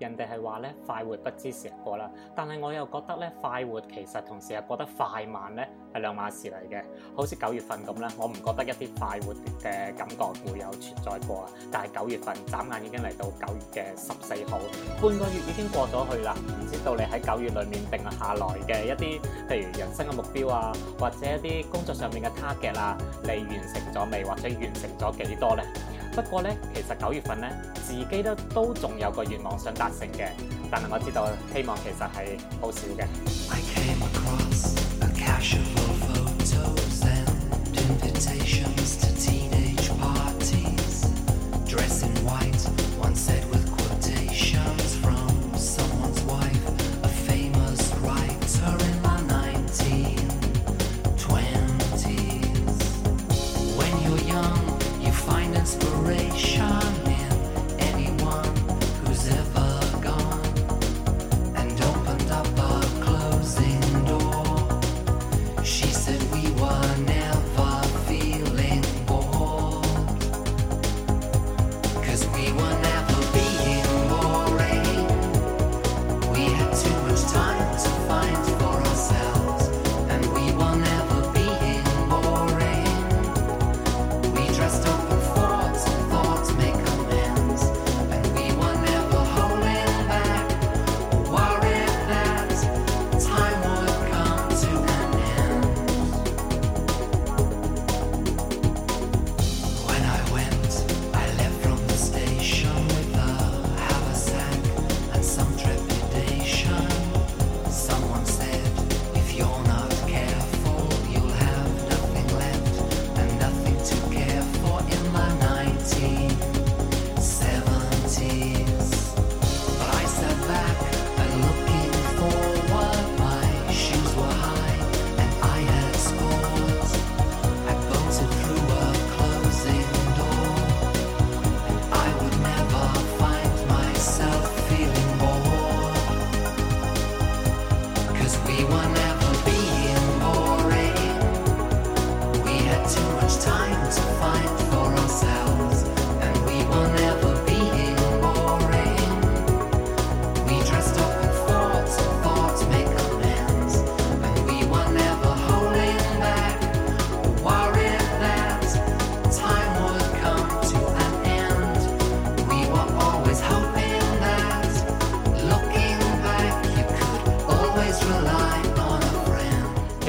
人哋係話咧快活不知時日過啦，但係我又覺得咧快活其實同時日過得快慢咧係兩碼事嚟嘅。好似九月份咁咧，我唔覺得一啲快活嘅感覺會有存在過，但係九月份眨眼已經嚟到九月嘅十四號，半個月已經過咗去啦。唔知道你喺九月裏面定下來嘅一啲，譬如人生嘅目標啊，或者一啲工作上面嘅 target 啊，你完成咗未，或者完成咗幾多呢？不過咧，其實九月份咧，自己咧都仲有個願望想達成嘅，但係我知道希望其實係好少嘅。I came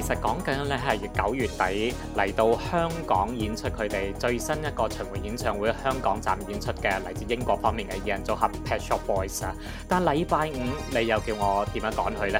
其實講緊你係九月底嚟到香港演出，佢哋最新一個巡迴演唱會香港站演出嘅，嚟自英國方面嘅二人組合 Pet Shop Boys 啊！但禮拜五你又叫我點樣趕去呢？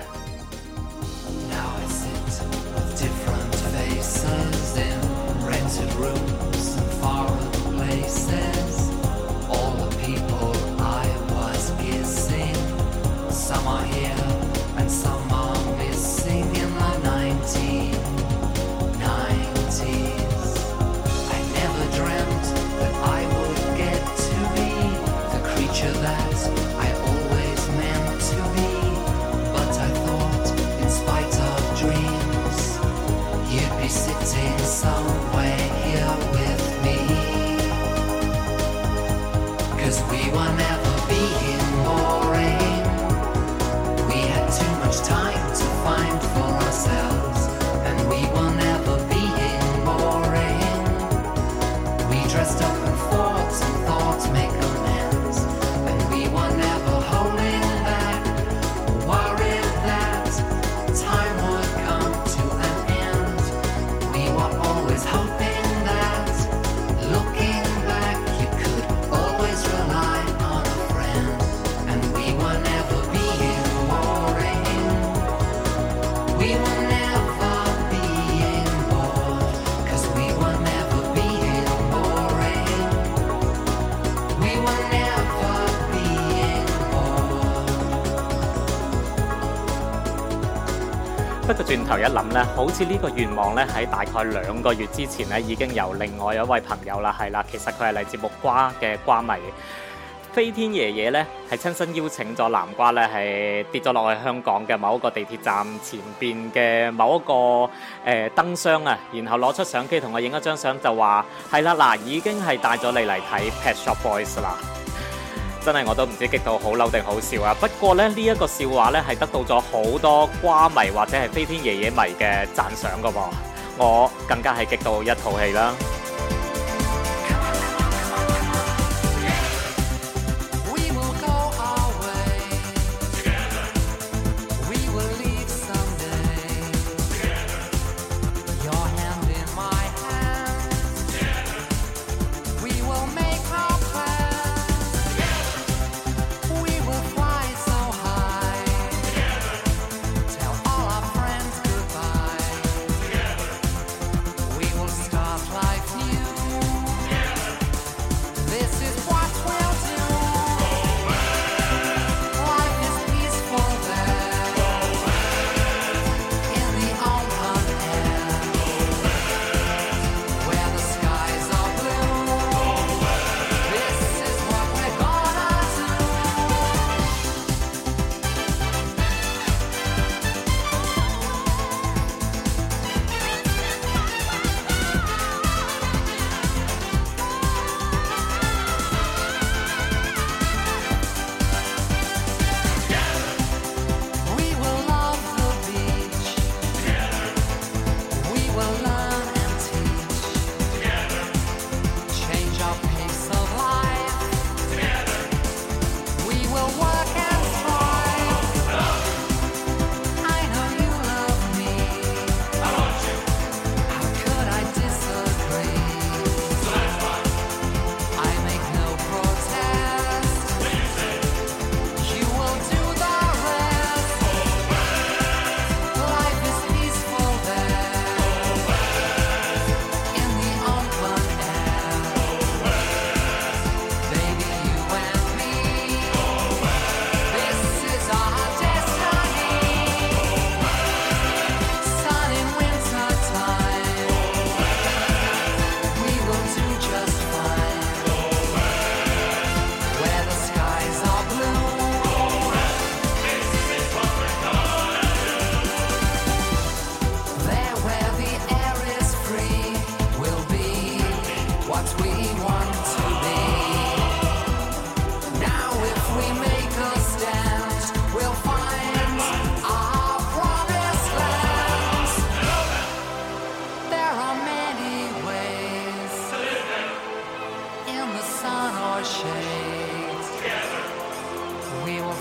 不過轉頭一諗咧，好似呢個願望咧，喺大概兩個月之前咧，已經由另外一位朋友啦，係啦，其實佢係嚟自木瓜嘅瓜迷飛天爺爺咧，係親身邀請咗南瓜咧，係跌咗落去香港嘅某一個地鐵站前邊嘅某一個誒、呃、燈箱啊，然後攞出相機同我影一張相，就話係啦嗱，已經係帶咗你嚟睇 Pet Shop Boys 啦。真係我都唔知激到好嬲定好笑啊！不過咧，呢一個笑話咧係得到咗好多瓜迷或者係飛天爺爺迷嘅讚賞㗎喎，我更加係激到一套戲啦～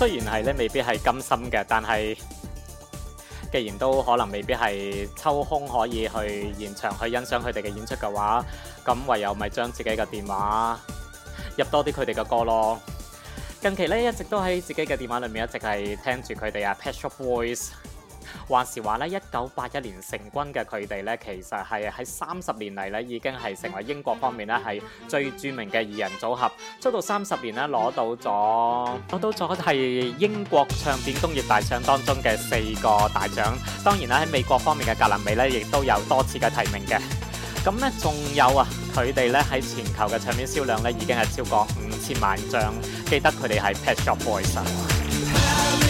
雖然係咧，未必係甘心嘅，但係既然都可能未必係抽空可以去現場去欣賞佢哋嘅演出嘅話，咁唯有咪將自己嘅電話入多啲佢哋嘅歌咯。近期咧一直都喺自己嘅電話裏面，一直係聽住佢哋啊 Pet Shop Boys。話時話咧，一九八一年成軍嘅佢哋咧，其實係喺三十年嚟咧，已經係成為英國方面咧係最著名嘅二人組合。出道三十年咧，攞到咗，攞到咗係英國唱片工業大獎當中嘅四個大獎。當然咧喺美國方面嘅格林美咧，亦都有多次嘅提名嘅。咁咧仲有啊，佢哋咧喺全球嘅唱片銷量咧，已經係超過五千萬張。記得佢哋係 Pet Shop Boys。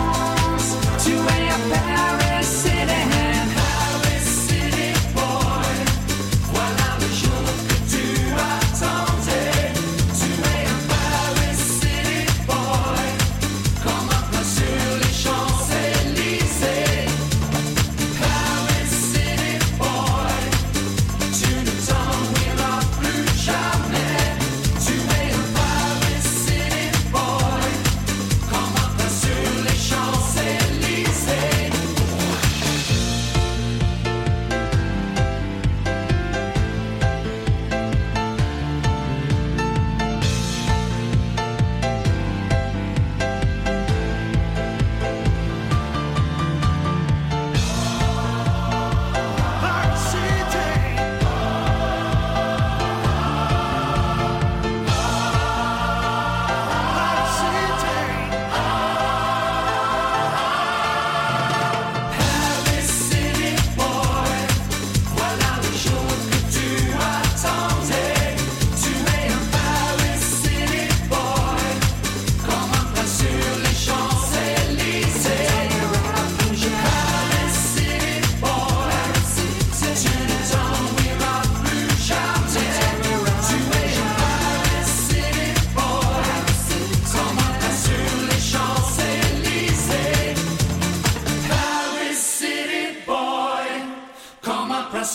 結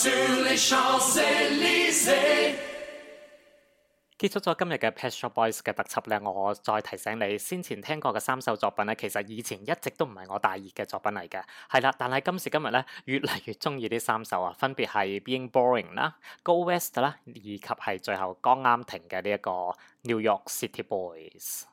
束咗今日嘅 Pet Shop Boys 嘅特輯咧，我再提醒你，先前聽過嘅三首作品咧，其實以前一直都唔係我大熱嘅作品嚟嘅，係啦，但係今時今日咧，越嚟越中意呢三首啊，分別係 Being Boring 啦，Go West 啦，以及係最後剛啱停嘅呢一個 New York City Boys。